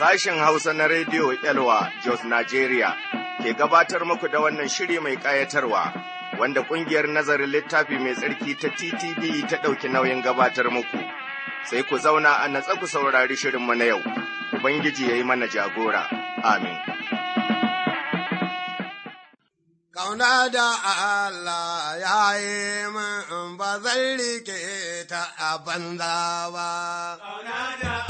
Sashen Hausa na Rediyo Elwa Jos Nigeria ke gabatar muku da wannan shiri mai ƙayatarwa wanda ƙungiyar nazarin littafi mai tsarki ta TTD ta ɗauki nauyin gabatar muku. Sai ku zauna a natsa ku saurari shirinmu na yau, Ubangiji ya yi mana jagora. Amin. Kauna da Allah ya yi min ba zan rike ta a banza ba. Kauna da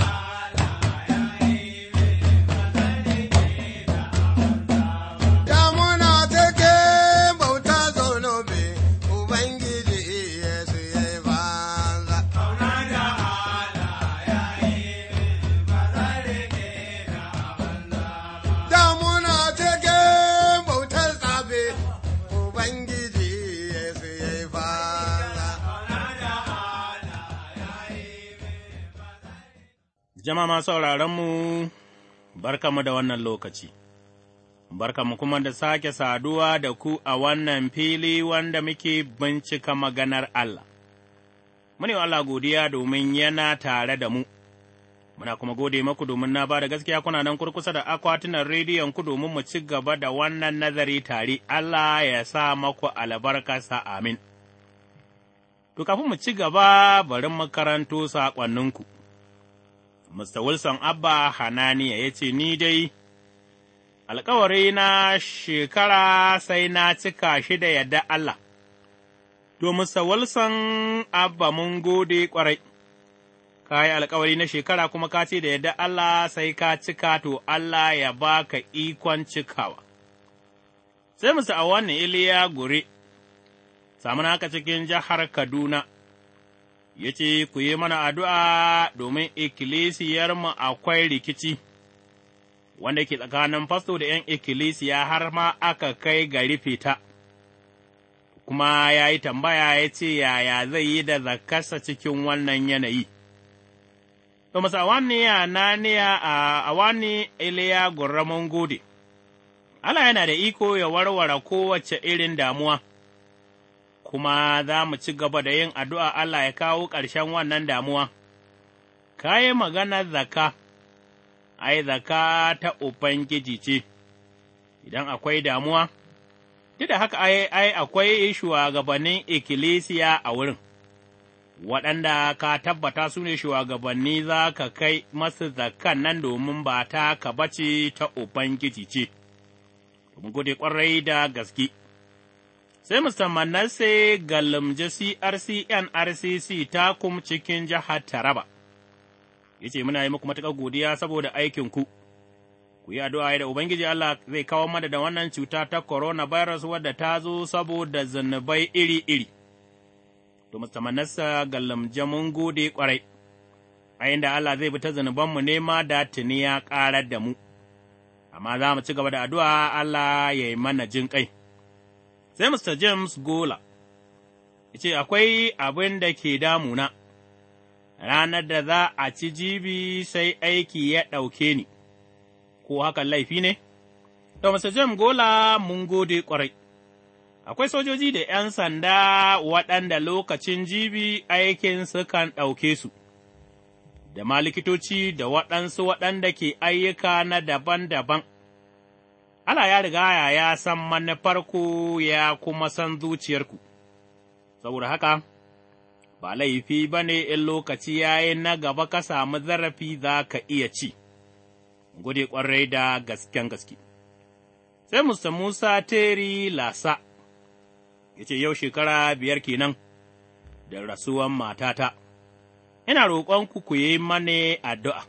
Jama'a sauraronmu, barkamu da wannan lokaci, barkamu kuma da sake saduwa da ku a wannan fili wanda muke bincika maganar Allah. Mune Allah godiya domin yana tare da mu, muna kuma gode maku domin na ba da gaskiya kuna nan kurkusa da akwatunan rediyon ku domin mu ci gaba da wannan nazari tare, Allah ya sa maku albarkasa amin. To, kafin mu ci gaba, bari makaranto saƙonninku. Mr. Wilson Abba Hananiya ya ce, Ni dai, alkawari na shekara sai na cika shi da yadda Allah. To, Mr. Wilson Abba mun gode ƙwarai, ka yi alkawari na shekara kuma ka ce da yadda Allah sai ka cika to Allah ya ba ka ikon cikawa. Sai Mr. Awani Iliya Gure, samun haka cikin jihar Kaduna. ya ce, Ku yi mana addu'a domin ikkilisiyarmu akwai rikici, wanda ke tsakanin fasto da ’yan ikkilisiya har ma aka kai ga rufe kuma ya yi tambaya ya ce, Yaya zai yi da zakasa cikin wannan yanayi? Thomas Awani Ananiya a Awani Iliya Gode, Allah yana da iko ya warware kowace irin damuwa. kuma za mu ci gaba da yin addu'a Allah ya kawo ƙarshen wannan damuwa. Ka yi maganar zaka, ai, zaka ta Ubangiji ce, idan akwai damuwa, duk da haka ai, ai akwai shugabannin ikkilisiya a wurin, waɗanda ka tabbata su ne shugabanni za ka kai masu zakan nan domin ba ta ka bace ta Ubangiji ce, domin gode ƙwarai da gaske. sai musamman Manasse Galamje CRCN RCC ta kum cikin jihar Taraba. yace ce, Muna yi muku matuƙar godiya saboda aikinku, ku yi addu'a da Ubangiji Allah zai kawo mana da wannan cuta ta corona coronavirus wadda ta zo saboda zunubai iri-iri. To, Mr. Manasse Galamje mun gode ƙwarai, a inda Allah zai bi ta zunubanmu nema da tuni ya ƙarar da mu, amma za mu ci gaba da addu'a Allah ya yi mana jin ƙai. sai Mr. James Gola, ce, Akwai abin da ke damuna, ranar da za a ci jibi sai aiki ya ɗauke ni, ko hakan laifi ne? To, Mr. James Gola mun gode ƙwarai. Akwai sojoji da ’yan sanda waɗanda lokacin jibi aikin sukan ɗauke su, da ma likitoci da waɗansu waɗanda ke ayyuka na daban-daban Allah ya riga ya san manufarku ya kuma san zuciyarku, saboda haka, ba laifi ba ne in lokaci ya yi na gaba ka samu zarafi za ka iya ci, gode ƙwarai da gasken gaske. Sai Musa Musa Teri Lasa, ya ce yau shekara biyar kenan da rasuwan matata, ina roƙonku ku yi mane addu'a.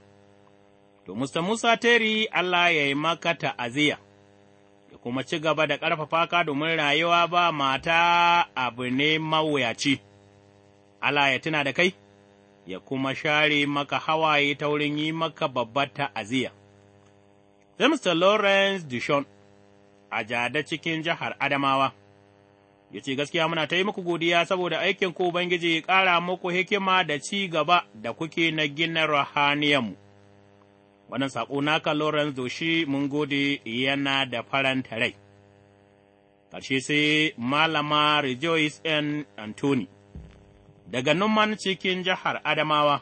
To, Musa Musa Teri Allah ya yi maka ta'aziyya. kuma ci gaba da ƙarfafa ka domin rayuwa ba mata abu ne mawuyaci. Allah ya tuna da kai, ya kuma share maka hawaye ta wurin yi maka babbar ta'aziyya. Mr. Lawrence Dishon, a jada cikin jihar Adamawa, ya ce gaskiya muna ta yi muku godiya saboda aikin ku Ubangiji ƙara muku hikima da ci gaba da kuke na gina rahaniyanmu. wannan saƙo naka Lawrence Doshi mun gode yana da faranta rai. Ƙarshe sai Malama Rejoice N. Anthony daga Numan cikin jihar Adamawa,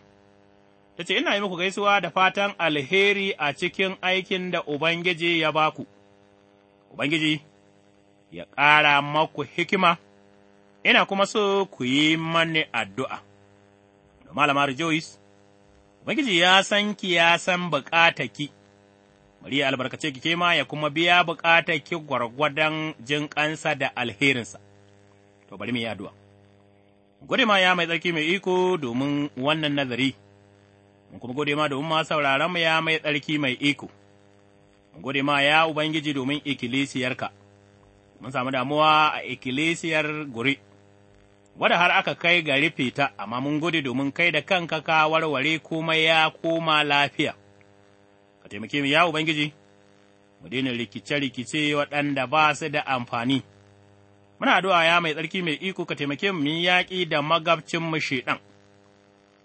ta ce, Ina yi muku gaisuwa da fatan alheri a cikin aikin da Ubangiji ya baku, Ubangiji ya ƙara maku hikima, ina kuma so ku yi mani addu'a. Malama Rejoice Ubangiji ya san ki ya san ki. bari ya albarkace ki kema ya kuma biya ki gwargwadon jin kansa da alherinsa. To bari mu yi addu'a. Gode ma ya mai tsarki mai iko domin wannan nazari, mun kuma gode ma domin ma sauraron mu ya mai tsarki mai iko. Mun gode ma ya Ubangiji domin ikilisiyarka. mun samu damuwa a ikilisiyar guri. wadda har aka kai ga rufe ta, amma mun gode domin kai da kanka ka warware komai ya koma lafiya. Ka taimake mu ya Ubangiji, mu daina rikice-rikice waɗanda ba su da amfani. Muna addu'a ya mai tsarki mai iko ka taimake mu yaƙi da magabcin mu shaiɗan.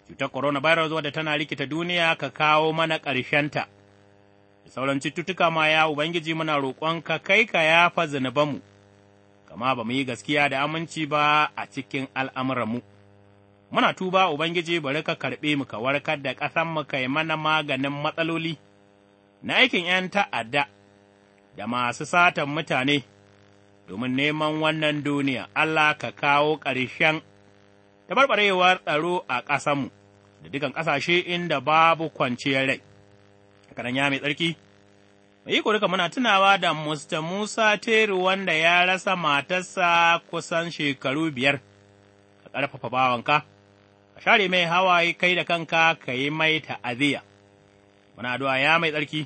Cutar corona coronavirus wadda tana rikita duniya ka kawo mana ƙarshenta. Da sauran cututtuka ma ya Ubangiji muna ka kai ka yafa zunubanmu. mu. gama ba mu yi gaskiya da aminci ba a cikin al'amuranmu. Muna tuba Ubangiji bari ka karɓe mu ka warkar da ƙasan mu kai mana maganin matsaloli na aikin ’yan ta'adda da masu satan mutane, domin neman wannan duniya Allah ka kawo ƙarshen tabarbarewar tsaro a ƙasanmu da dukan ƙasashe inda babu kwanciyar rai. Kanan ya mai tsarki. yi kurka muna tunawa da Mr. Musa Teru wanda ya rasa matarsa kusan shekaru biyar, ka ƙarfafa bawanka, ka share mai hawaye kai da kanka ka yi mai ta'aziyya. Muna addu'a ya mai tsarki,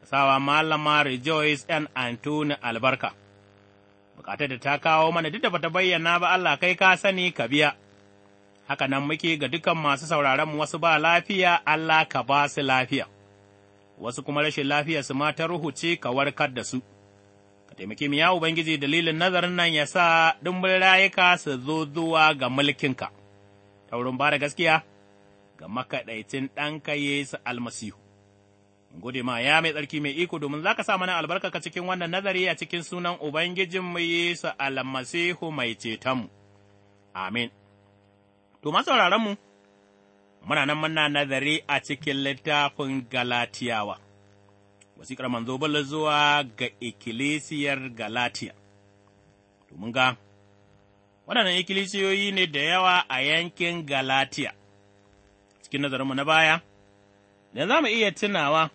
ka sawa malama Rejoice ‘yan Antoni albarka, bukatar da ta kawo mana duk da bata bayyana ba Allah kai ka sani ka biya. Haka nan muke ga dukan masu sauraron wasu ba lafiya, Allah ka ba su lafiya. wasu kuma rashin lafiya su ma ta ruhu ce ka warkar da su. Ka taimake mu ya Ubangiji dalilin nazarin nan ya sa ɗumbin rayuka su zo zuwa ga mulkinka, ta wurin ba da gaskiya ga makaɗaicin ɗanka Yesu almasihu. Gode ma ya mai tsarki mai iko domin za ka sa mana albarkaka cikin wannan nazari a cikin sunan Ubangijinmu Yesu almasihu mai cetonmu. Amin. To, masauraranmu, mu. muna nan muna nazari a cikin littafin Galatiyawa, wasiƙar manzo Bello zuwa ga ikkilisiyar Galatiya. Domin ga, waɗannan ikkilisiyoyi ne da yawa a yankin Galatiya, cikin nazarinmu na baya, da za mu iya tunawa,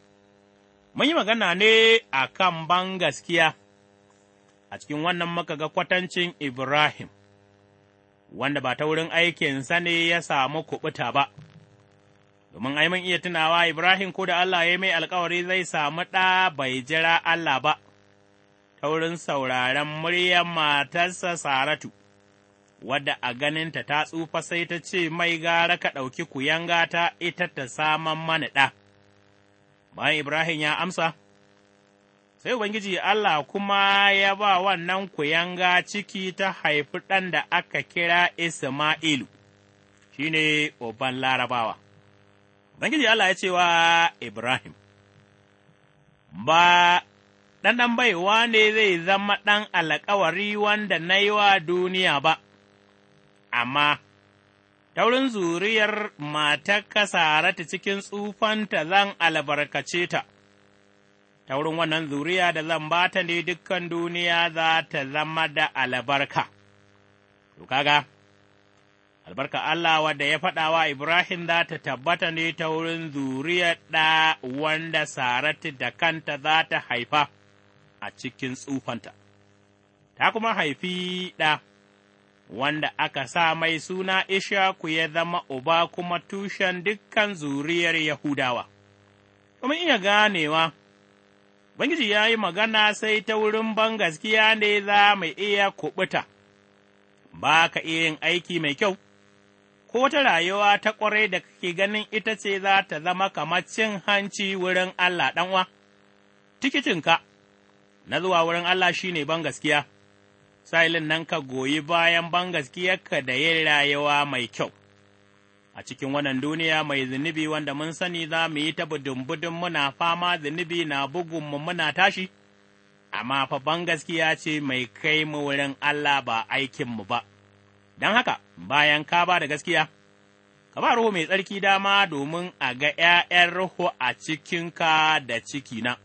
mun yi magana ne a kan ban gaskiya, a cikin wannan muka ga kwatancin Ibrahim, wanda ba ta wurin aikinsa ne ya samu kuɓuta ba. domin ai man iya tunawa Ibrahim ko da Allah ya mai alkawari zai samu ɗa bai jira Allah ba, ta wurin sauraren muryar matarsa Saratu, wadda a ganinta ta tsufa sai ta ce mai gara ka ɗauki kuyanga ta ita ta saman mana ɗa. Bayan Ibrahim ya amsa, sai Ubangiji Allah kuma ya ba wannan kuyanga ciki ta haifi ɗan da aka kira Isma'ilu, shi ne Oban Larabawa. Ubangiji Allah ya ce wa Ibrahim, Ba ɗanɗan baiwa ne zai zama ɗan alkawari wanda na yi wa duniya ba, amma ta wurin zuriyar matarka Saratu cikin tsufanta zan albarkace ta, ta wurin wannan zuriya da zan bata ne dukkan duniya za ta zama da albarka. To kaga, albarka Allah wadda ya faɗa wa Ibrahim za ta tabbata ne ta wurin zuriyar ɗa wanda Saratu da kanta za ta haifa a cikin tsufanta, ta kuma haifi ɗa wanda aka sa mai suna Ishaku ya zama uba kuma tushen dukkan zuriyar Yahudawa. Kuma iya ganewa, bangiji ya yi magana sai ta wurin gaskiya ne za mu iya kuɓuta, ba ka iya yin aiki mai kyau. ko wata rayuwa ta ƙwarai da kake ganin ita ce za ta zama kamar cin hanci wurin Allah ɗanwa, tikitinka na zuwa wurin Allah shi ne bangaskiya, sa'ilin nan ka goyi bayan bangaskiyarka da yin rayuwa mai kyau. A cikin wannan duniya mai zunubi wanda mun sani za mu yi ta budun muna fama zunubi na bugunmu muna tashi, amma fa bangaskiya ce mai kai mu wurin Allah ba aikinmu ba. don haka bayan ka ba da gaskiya, ka ba Ruhu mai tsarki dama domin a ga ’ya'yan Ruhu a cikinka da cikina.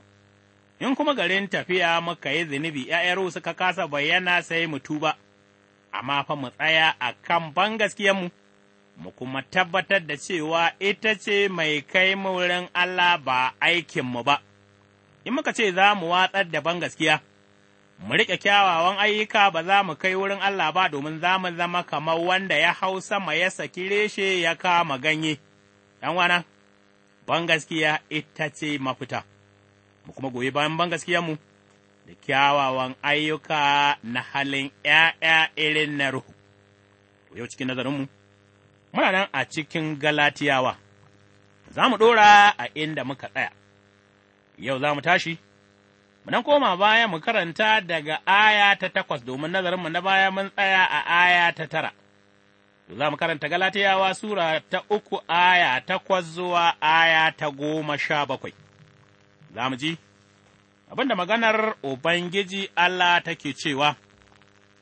In kuma garin tafiya muka yi zunubi ’ya'yan Ruhu suka kasa bayyana sai mu tuba, amma fa mu tsaya a kan ban gaskiyanmu, mu kuma tabbatar da cewa ita ce mai kai mu wurin Allah ba aikinmu ba. In muka ce za mu watsar da ban gaskiya? mu riƙe kyawawan ayyuka ba za mu kai wurin Allah ba domin za mu zama kamar wanda ya hau sama ya saki reshe ya kama ganye. ’Yan wana, ban gaskiya ita ce mafita, mu kuma goyi bayan ban mu da kyawawan ayyuka na halin ’ya'ya irin na ruhu. Yau cikin nazarinmu, muna nan a cikin Galatiyawa, za mu ɗora a inda muka tsaya, yau za mu tashi. Mu koma baya mu karanta daga aya ta takwas domin nazarinmu na baya mun tsaya a aya ta tara. Za mu karanta Galatiyawa Sura ta uku aya takwas zuwa aya ta goma sha bakwai. Za mu ji, abinda maganar Ubangiji Allah take cewa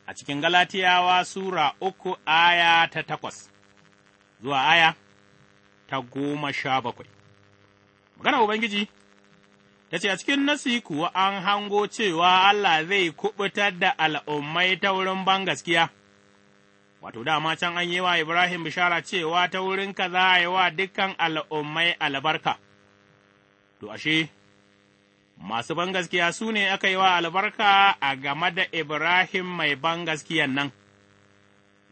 a cikin Galatiyawa Sura uku aya ta takwas zuwa aya ta goma sha bakwai. Maganar Ubangiji ta ce, A cikin nasi kuwa an hango cewa Allah zai kuɓuta da al'ummai ta wurin bangaskiya, wato dama can an yi wa Ibrahim bishara cewa ta wurinka za a yi wa dukkan al'ummai albarka, to ashe, masu bangaskiya su ne aka yi wa albarka a game da Ibrahim mai bangaskiyan nan.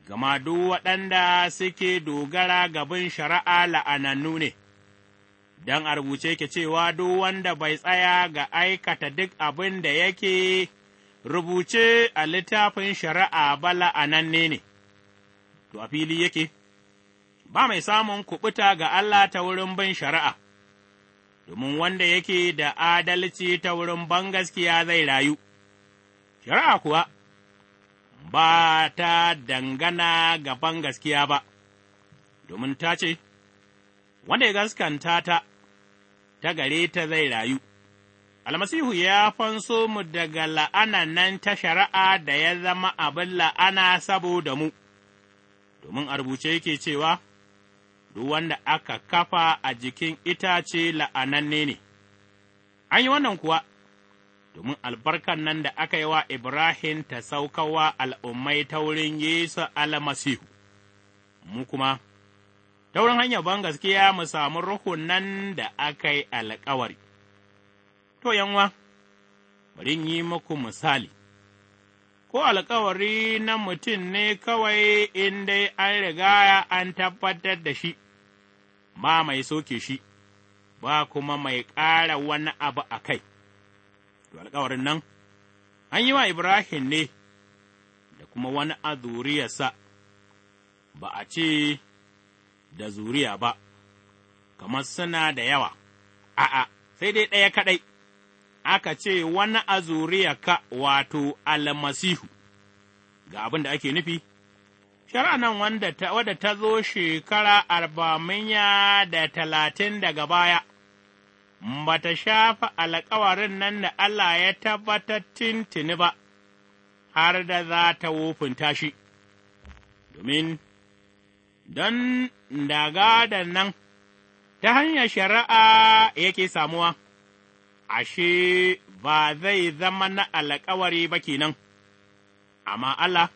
Gama duk waɗanda suke dogara gabin shari'a la'anannu ne. don a rubuce ke cewa duk wanda bai tsaya ga aikata duk abin da yake rubuce a littafin shari'a ba la'ananne ne, to a fili yake, ba mai samun kuɓuta ga Allah ta wurin bin shari'a, domin wanda yake da adalci ta wurin bangaskiya zai rayu, shari'a kuwa ba ta dangana ga bangaskiya ba, domin ta ce, Wanda ya gaskanta ta ta gare ta zai rayu. Almasihu ya fanso mu daga la'anan nan ta shari'a da ya zama abin la'ana saboda mu, domin a rubuce yake cewa, Duk wanda aka kafa a jikin itace la'ananne ne, an yi wannan kuwa, domin albarkan nan da aka yi wa Ibrahim ta saukawa al'ummai ta wurin Yesu almasihu, mu kuma ta wurin hanyar ban gaskiya mu samu ruhun nan da aka yi alkawari. To, yanwa, bari yi muku misali, ko alkawari na mutum ne kawai in dai an riga an tabbatar da shi, Ba mai soke shi, ba kuma mai ƙara wani abu a kai. To, alkawarin nan, an yi wa Ibrahim ne da kuma wani a zuriyarsa, ba a ce da zuriya ba, kamar suna da yawa, a'a, sai dai ɗaya kaɗai, aka ce wani a ka wato almasihu, ga abin da ake nufi, shari'a nan wanda ta, zo shekara arba'amiya da talatin daga baya. ba ta shafa alkawarin nan da Allah ya tabbatar tintini ba, har da za ta wofin tashi. domin don daga da nan ta hanyar shari'a yake samuwa, ashe ba zai zama na alkawari ba kenan, amma Allah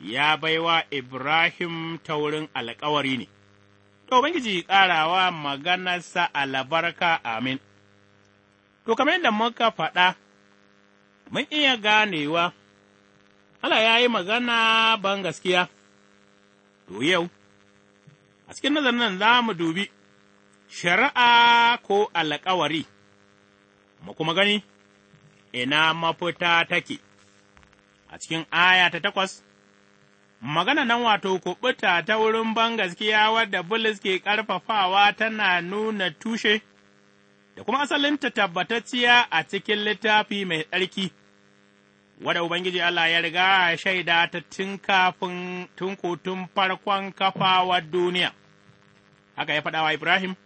ya baiwa Ibrahim ta wurin alkawari ne. To, Ubangiji ƙarawa maganarsa albarka amin. To, kamar yadda muka faɗa, mun iya ganewa, Allah ya yi magana ban gaskiya. To yau, a cikin nazarin nan za mu dubi shari'a ko alkawari, mu kuma gani ina mafita take, a cikin aya ta takwas, magana nan wato kuɓuta ta wurin ban gaskiya wadda Bulus ke ƙarfafawa tana nuna tushe da kuma asalinta tabbatacciya a cikin littafi mai tsarki. wadda Ubangiji Allah ya riga shaida ta tun kafin tun farkon kafawar duniya. Haka ya faɗawa Ibrahim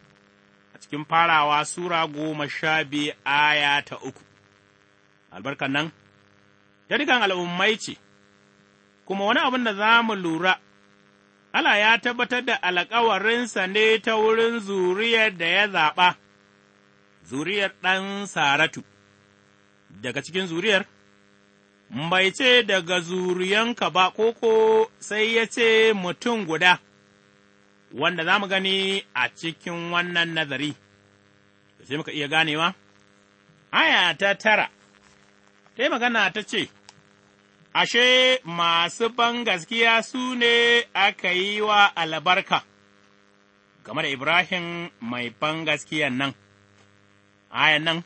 a cikin farawa Sura goma sha aya ta uku. Albarkan nan, ta dukan al'ummai ce, kuma wani abin da za mu lura, Allah ya tabbatar da alkawarinsa ne ta wurin zuriyar da ya zaɓa, zuriyar ɗan Saratu, daga cikin zuriyar. bai ce daga zuriyanka ba koko sai ya ce mutum guda, wanda za mu gani a cikin wannan nazari, sai muka iya ganewa? Aya ta tara, ta magana ta ce, Ashe, masu ban gaskiya su ne aka yi wa albarka, game da Ibrahim mai ban gaskiyan nan, ayan nan.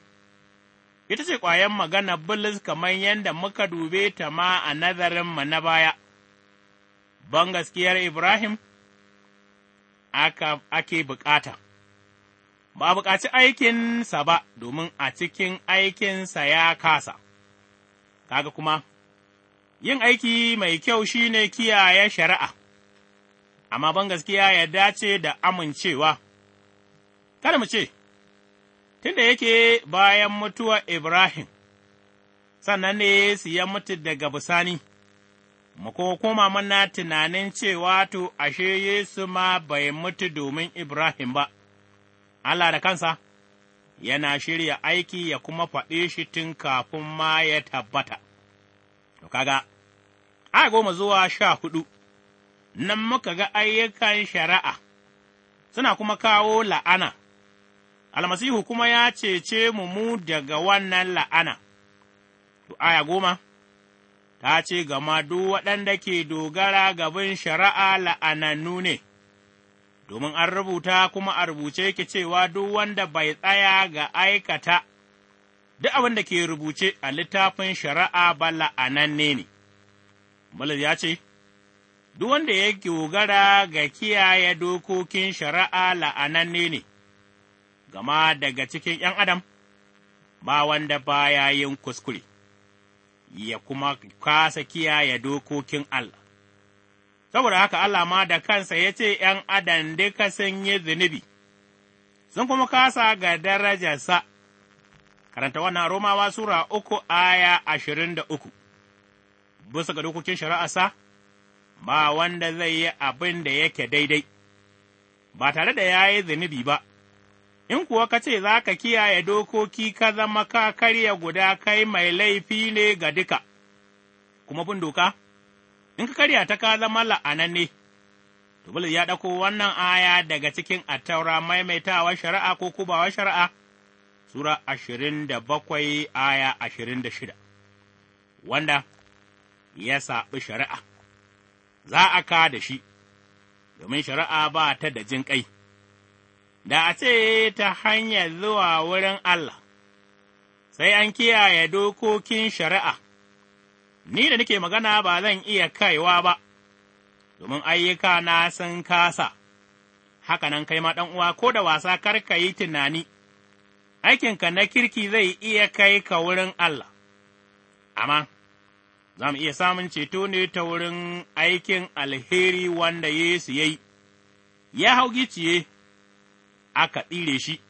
ita ce ƙwayan magana Bulus kamar yadda muka dube ta ma a nazarin nazarinmu na baya, ban gaskiyar Ibrahim ake bukata. Ba a bukaci aikinsa ba domin a cikin aikinsa ya kasa, kaga kuma, yin aiki mai kyau shi ne kiyaye shari'a, amma ban gaskiya ya dace da amincewa, kada mu ce, Tun tunda yake bayan mutuwar Ibrahim, sannan ne su ya mutu daga bisani, muka koma mana tunanin cewa to ashe Yesu ma bai mutu domin Ibrahim ba, Allah da kansa yana shirya aiki ya kuma faɗe shi tun kafin ma ya tabbata. To kaga, a goma zuwa sha hudu, nan muka ga ayyukan shari'a, suna kuma kawo la'ana. almasihu kuma ya cece mu mu daga wannan la'ana. Aya goma, ta ce, Gama duk waɗanda ke dogara gabin shari'a la'anannu ne, domin an rubuta kuma a rubuce ke cewa duk wanda bai tsaya ga aikata, duk abin da ke rubuce a littafin shari'a ba la'ananne ne. Bulus ya ce, Duk wanda ya dogara ga kiyaye dokokin shari'a la'ananne ne. gama daga cikin ’yan adam ba wanda baya yin kuskure, ya kuma kasa kiyaye dokokin Allah. Saboda haka Allah ma da kansa ya ce ’yan adam duka sun yi zunubi, sun kuma kasa ga darajarsa. Karanta wannan Romawa Sura uku aya ashirin da uku, bisa ga dokokin shari'arsa, ba wanda zai yi abin da yake daidai, ba tare da ya yi zunubi ba. in kuwa ka ce za ka kiyaye dokoki ka zama ka karya guda kai mai laifi ne ga duka, kuma bin doka, in ka karya ta ka zama la'ananne. Tubulus ya ɗauko wannan aya daga cikin attaura maimaitawa shari'a ko kubawa shari'a, Sura ashirin da bakwai aya ashirin da shida, wanda ya saɓi shari'a, za a ka da shi, domin shari'a ba ta da jin ƙai. da a ce ta hanyar zuwa wurin Allah, sai an kiyaye dokokin shari'a, ni da nake magana ba zan iya kaiwa ba, domin ayyuka na sun kasa, Haka nan kai ma uwa ko da wasa karka yi tunani, aikinka na kirki zai iya kai ka wurin Allah, amma za mu iya samun ceto ne ta wurin aikin alheri wanda Yesu ya yi, ya hau giciye. aka tsire shi,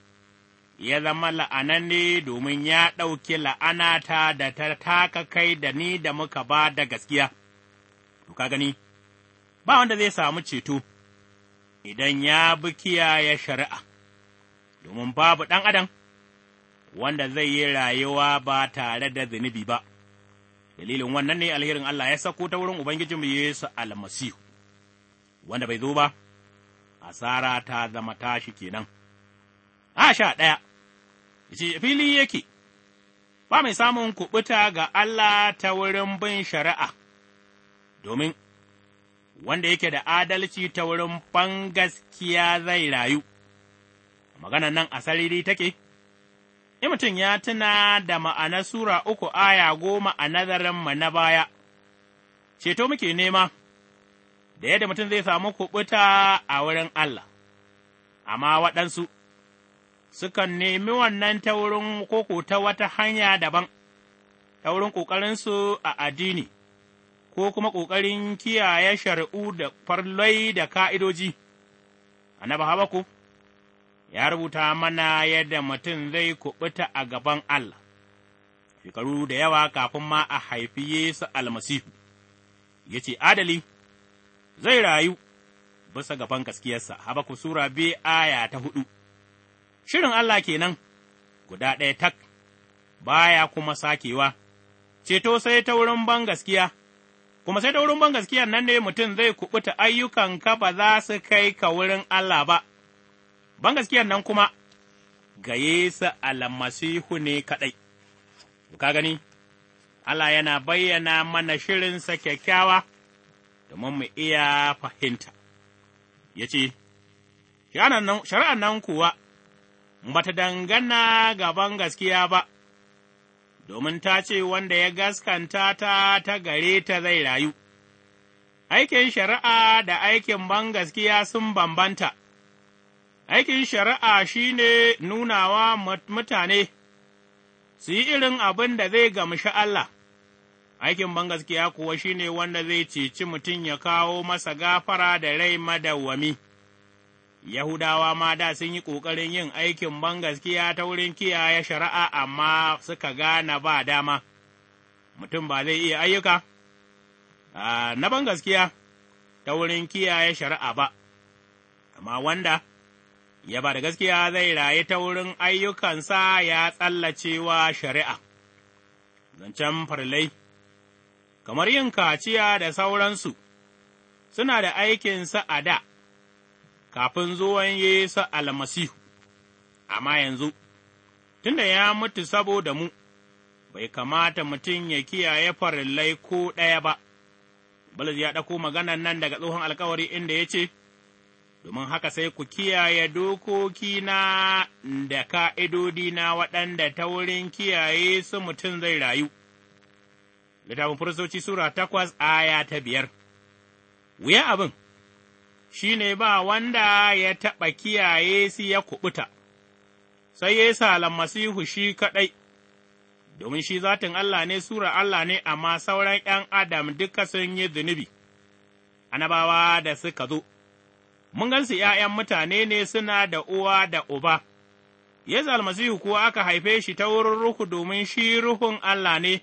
ya zama la'ananne domin ya ɗauki la'anata da ta taka kai da ni da muka ba da gaskiya. To, ka gani, ba wanda zai samu ceto idan ya bi kiyaye shari'a, domin babu ɗan adam wanda zai yi rayuwa ba tare da zunubi ba. Dalilin wannan ne alherin Allah ya sako ta wurin Ubangijinmu Yesu almasihu, wanda bai zo ba. asara ta zama tashi kenan. A sha ɗaya, ce fili yake, ba mai samun kuɓuta ga Allah ta wurin bin shari'a, domin wanda yake da adalci ta wurin bangaskiya zai rayu. magana nan a sariri take, in mutum ya tuna da ma'ana Sura uku aya goma a ma na baya, ceto muke nema. da yadda mutum zai samu kuɓuta a wurin Allah, amma waɗansu sukan nemi wannan ta wurin koko ta wata hanya daban, ta wurin ƙoƙarinsu a addini, ko kuma ƙoƙarin kiyaye shari'u da farlai da ka'idoji, annabi ku, ya rubuta mana yadda mutum zai kuɓuta a gaban Allah, shekaru da yawa kafin ma a haifi Yesu almasihu, ya ce, Adali, zai rayu bisa gaban gaskiyarsa, Habaku Sura bi aya ta hudu. Shirin Allah kenan guda ɗaya tak, baya kuma sakewa, ceto sai ta wurin ban gaskiya, kuma sai ta wurin ban gaskiya nan ne mutum zai kuɓuta ayyukanka ba za su kai ka wurin Allah ba, ban gaskiyar nan kuma ga Yesu almasihu ne kaɗai. Ka gani, Allah yana bayyana mana shirinsa kyakkyawa. domin mu iya fahimta. Ya ce, Shari'an nan kuwa ba ta dangana gaban gaskiya ba, domin ta ce wanda ya gaskanta ta ta gare ta zai rayu. Aikin shari'a da aikin ban gaskiya sun bambanta, aikin shari'a shi ne nunawa mutane su yi irin abin da zai gamshi Allah. aikin bangaskiya kuwa shi ne wanda zai ceci mutum ya kawo masa gafara da rai madawwami. Yahudawa ma da sun yi ƙoƙarin yin aikin bangaskiya ta wurin kiyaye shari'a amma suka gane ba dama, mutum ba zai iya ayyuka na bangaskiya ta wurin kiyaye shari'a ba, amma wanda ya ba da gaskiya zai rayu ta wurin ayyukansa ya tsallacewa shari'a, zancen farlai. kamar yin kaciya da sauransu, suna da aikinsa a da, kafin zuwan Yesu almasihu, amma yanzu, tunda ya mutu saboda mu, bai kamata mutum ya kiyaye farillai ko ɗaya ba. Bulus ya ɗako maganan nan daga tsohon alkawari inda ya ce, Domin haka sai ku kiyaye dokokina da ka'idodina waɗanda ta wurin kiyaye su mutum zai rayu, littafin firistoci Sura takwas aya ta biyar. Wuya abin, shi ne ba wanda ya taɓa kiyaye su ya kuɓuta, sai ya salan masihu shi kaɗai, domin shi zatin Allah ne, Sura Allah ne, amma sauran ’yan Adam duka sun yi zunubi, anabawa da suka zo. Mun gansu ’ya'yan mutane ne suna da uwa da uba. Yesu almasihu kuwa aka haife shi ta wurin ruhu domin shi ruhun Allah ne,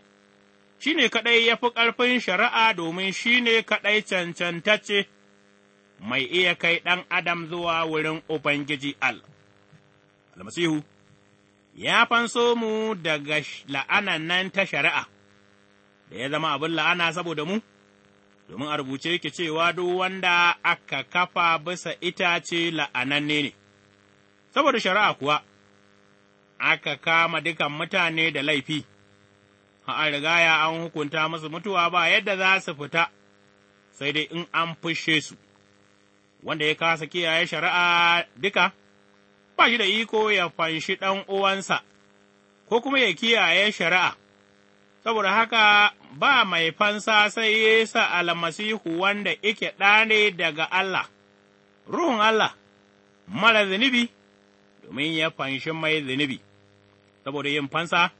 shi ne kaɗai ya fi ƙarfin shari'a domin shi ne kaɗai cancantacce mai iya kai ɗan adam zuwa wurin Ubangiji Al. Almasihu, ya fanso mu daga la'anan nan ta shari'a, da ya zama abin la'ana saboda mu, domin a rubuce yake cewa duk wanda aka kafa bisa itace la'ananne ne, saboda shari'a kuwa, aka kama dukan mutane da laifi. an ya an hukunta musu mutuwa ba yadda za su fita, sai dai in an fushe su, wanda ya kasa kiyaye shari'a duka, ba shi da iko ya fanshi ɗan uwansa, ko kuma ya kiyaye shari'a, saboda haka ba mai fansa sai ya sa almasihu wanda ike ɗane daga Allah, Ruhun Allah, mara zunubi, domin ya fanshi mai zunubi, saboda yin fansa.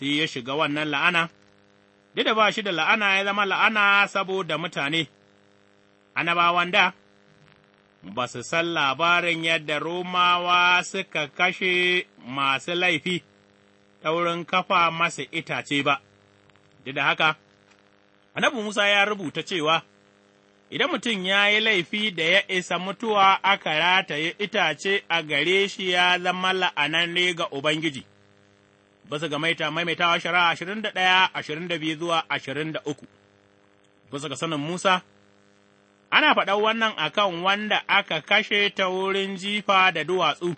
sai ya shiga wannan la'ana, duk da ba shi da la'ana ya zama la'ana saboda mutane, anabawan da ba su san labarin yadda Romawa suka kashe masu laifi ta wurin kafa masa itace ba, duk da haka, annabi Musa ya rubuta cewa, Idan mutum ya yi laifi da ya isa mutuwa aka rataye itace a gare shi ya zama la'ananne ga Ubangiji. bisa ga maita maimaitawa shari'a ashirin da ɗaya, ashirin da biyu zuwa ashirin da uku, bisa ga sanin Musa, ana faɗa wannan a kan wanda aka kashe ta wurin jifa da duwatsu,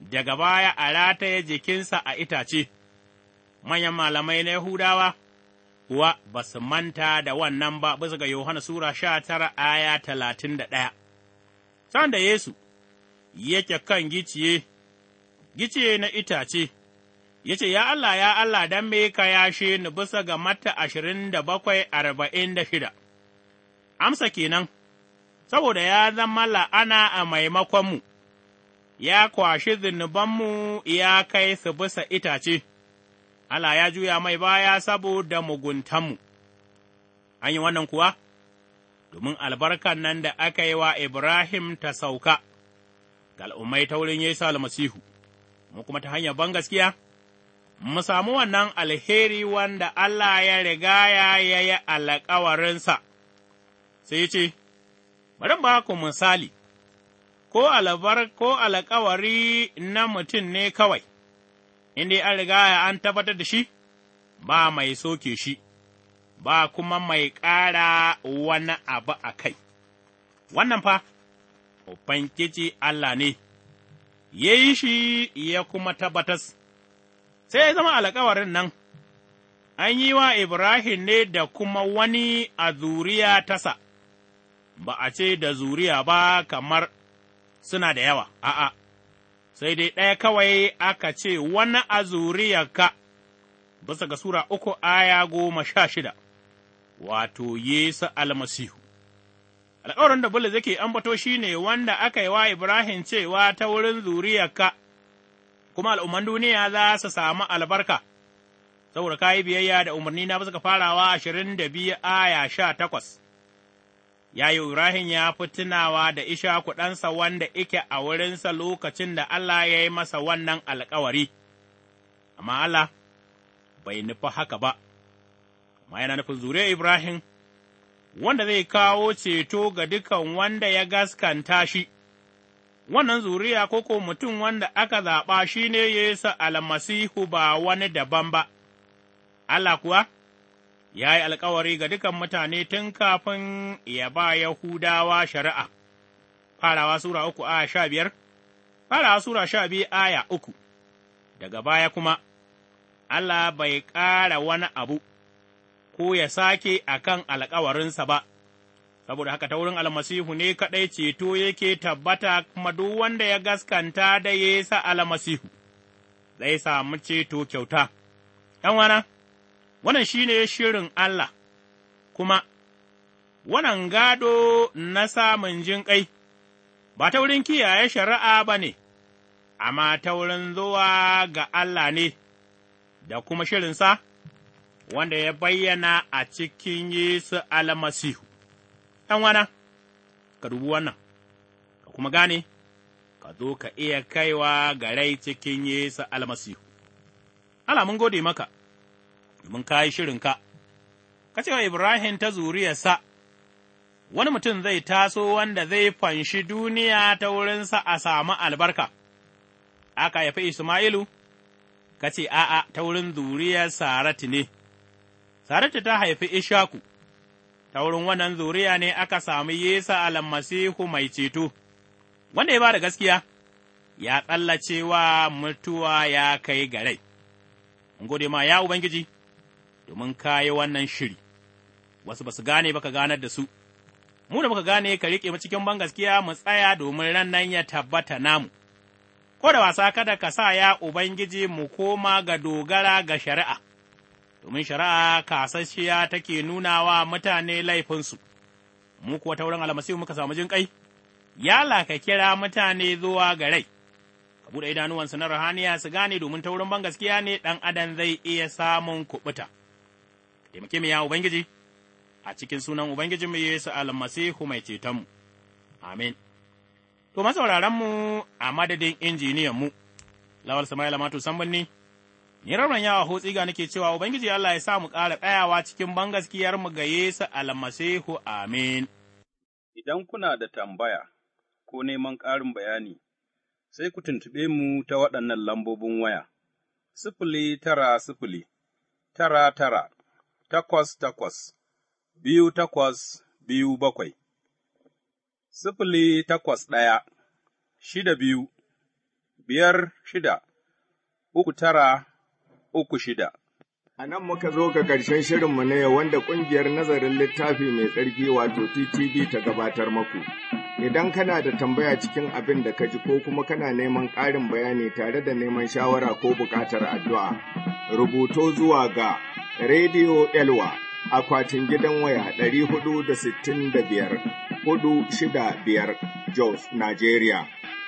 daga baya a rataye jikinsa a itace, manyan malamai na Yahudawa kuwa ba su manta da wannan ba, bisa ga Yohana Sura sha tara aya talatin da ɗaya. Sanda Yesu yake kan giciye, giciye na itace. ya ce, Ya Allah, ya Allah, don me ka yashe ni bisa ga mata ashirin da bakwai arba'in da shida, amsa kenan, saboda ya zama la'ana a maimakonmu, ya kwashi zunubanmu ya kai su bisa itace, Allah ya juya mai baya saboda muguntanmu. An yi wannan kuwa? Domin albarkan nan da aka yi wa Ibrahim ta sauka, ga al'ummai ta wurin Yesu almasihu, mu kuma ta hanyar bangaskiya gaskiya. mu samu wannan alheri wanda Allah ya riga ya yi alkawarinsa, sai ce, Bari ba ku misali, ko alabar ko alkawari na mutum ne kawai, inda an riga an tabbatar da shi, ba mai soke shi, ba kuma mai ƙara wani abu a kai. Wannan fa, Ubangiji Allah ne, ya yi shi ya kuma tabbatas. sai ya zama alkawarin nan, an yi wa Ibrahim ne da kuma wani a zuriya tasa, ba a ce da zuriya ba kamar suna da yawa, a'a, sai dai ɗaya kawai aka ce wani a zuriyarka, bisa ga Sura uku aya goma sha shida, wato Yesu almasihu. Alƙawarin da Bulus yake ambato shi ne wanda aka yi wa Ibrahim cewa ta wurin zuriyarka. kuma al'umman duniya za su samu albarka, saboda ka yi biyayya da umarni na bisa farawa ashirin da biyu aya sha takwas. Ya yi Ibrahim ya fi tunawa da isha kuɗansa wanda ike a wurinsa lokacin da Allah ya yi masa wannan alkawari, amma Allah bai nufi haka ba, amma yana nufin zure Ibrahim, wanda zai kawo ceto ga dukan wanda ya gaskanta shi. wannan zuriya koko mutum wanda aka zaɓa shi ne Yesu almasihu ba wani daban ba, Allah kuwa ya yi alkawari ga dukan mutane tun kafin ya ba Yahudawa shari'a, farawa Sura uku aya sha biyar, farawa Sura sha biyu aya uku, daga baya kuma Allah bai ƙara wani abu ko ya sake a kan alkawarinsa ba. saboda haka ta wurin almasihu ne kaɗai ceto yake tabbata kuma duk wanda ya gaskanta da ya sa almasihu zai samu ceto kyauta. ’Yan wannan shi ne shirin Allah, kuma wannan gado na samun jinƙai, ba ta wurin kiyaye shari'a ba ne, amma ta wurin zuwa ga Allah ne, da kuma shirinsa, wanda ya bayyana a cikin Yesu almasihu. ’yan'wana, ka dubu wannan, ka kuma gane, ka zo ka iya kaiwa ga rai cikin Yesu almasihu. Allah mun gode maka, domin ka yi shirinka, ka cewa Ibrahim ta zuriyarsa, wani mutum zai taso wanda zai fanshi duniya ta wurinsa a samu albarka, aka haifi Ismailu, ka ce, A'a, ta wurin zuriyar Saratu ne, Saratu ta haifi Ishaku. ta wurin wannan zuriya ne aka sami Yesu almasihu mai ceto, wanda ya ba da gaskiya, ya tsallace wa mutuwa ya kai garai rai. gode ma ya Ubangiji, domin ka yi wannan shiri, wasu ba su gane ba ka ganar da su, mu da muka gane ka riƙe mu cikin ban gaskiya mu tsaya domin ran nan ya tabbata namu. Ko da wasa kada ka sa ya Ubangiji mu koma ga dogara ga shari'a, domin shari'a kasasshiya take nuna wa mutane laifinsu, mu kuwa ta wurin almasihu muka samu jin ƙai, yala ka kira mutane zuwa ga rai, ka buɗe idanuwansu na rahaniya su gane domin ta wurin bangaskiya ne ɗan adam zai iya samun kuɓuta. Taimake mu ya Ubangiji, a cikin sunan mu Yesu almasihu mai cetonmu. Amin. To, masauraranmu a madadin injiniyanmu, Lawal Sama'ila Matu Sambanni, Ni rabin yawa hotsiga nake cewa Ubangiji Allah ya sa mu ƙara tsayawa cikin gaskiyar mu ga Yesu almasihu amin. Idan kuna da tambaya ko neman ƙarin bayani, sai ku tuntuɓe mu ta waɗannan lambobin waya, sifili tara sifili, tara tara, takwas takwas, biyu takwas biyu bakwai, sifili takwas ɗaya, shida biyu, biyar shida, uku tara uku shida. A nan muka zo ga ƙarshen shirinmu ne wanda ƙungiyar nazarin littafi mai tsarki wato TTV ta gabatar maku. Idan kana da tambaya cikin abin da ka ji ko kuma kana neman ƙarin bayani tare da neman shawara ko buƙatar addu'a, rubuto zuwa ga Radio Elwa akwatin gidan waya ɗari shida biyar Jos, Nigeria.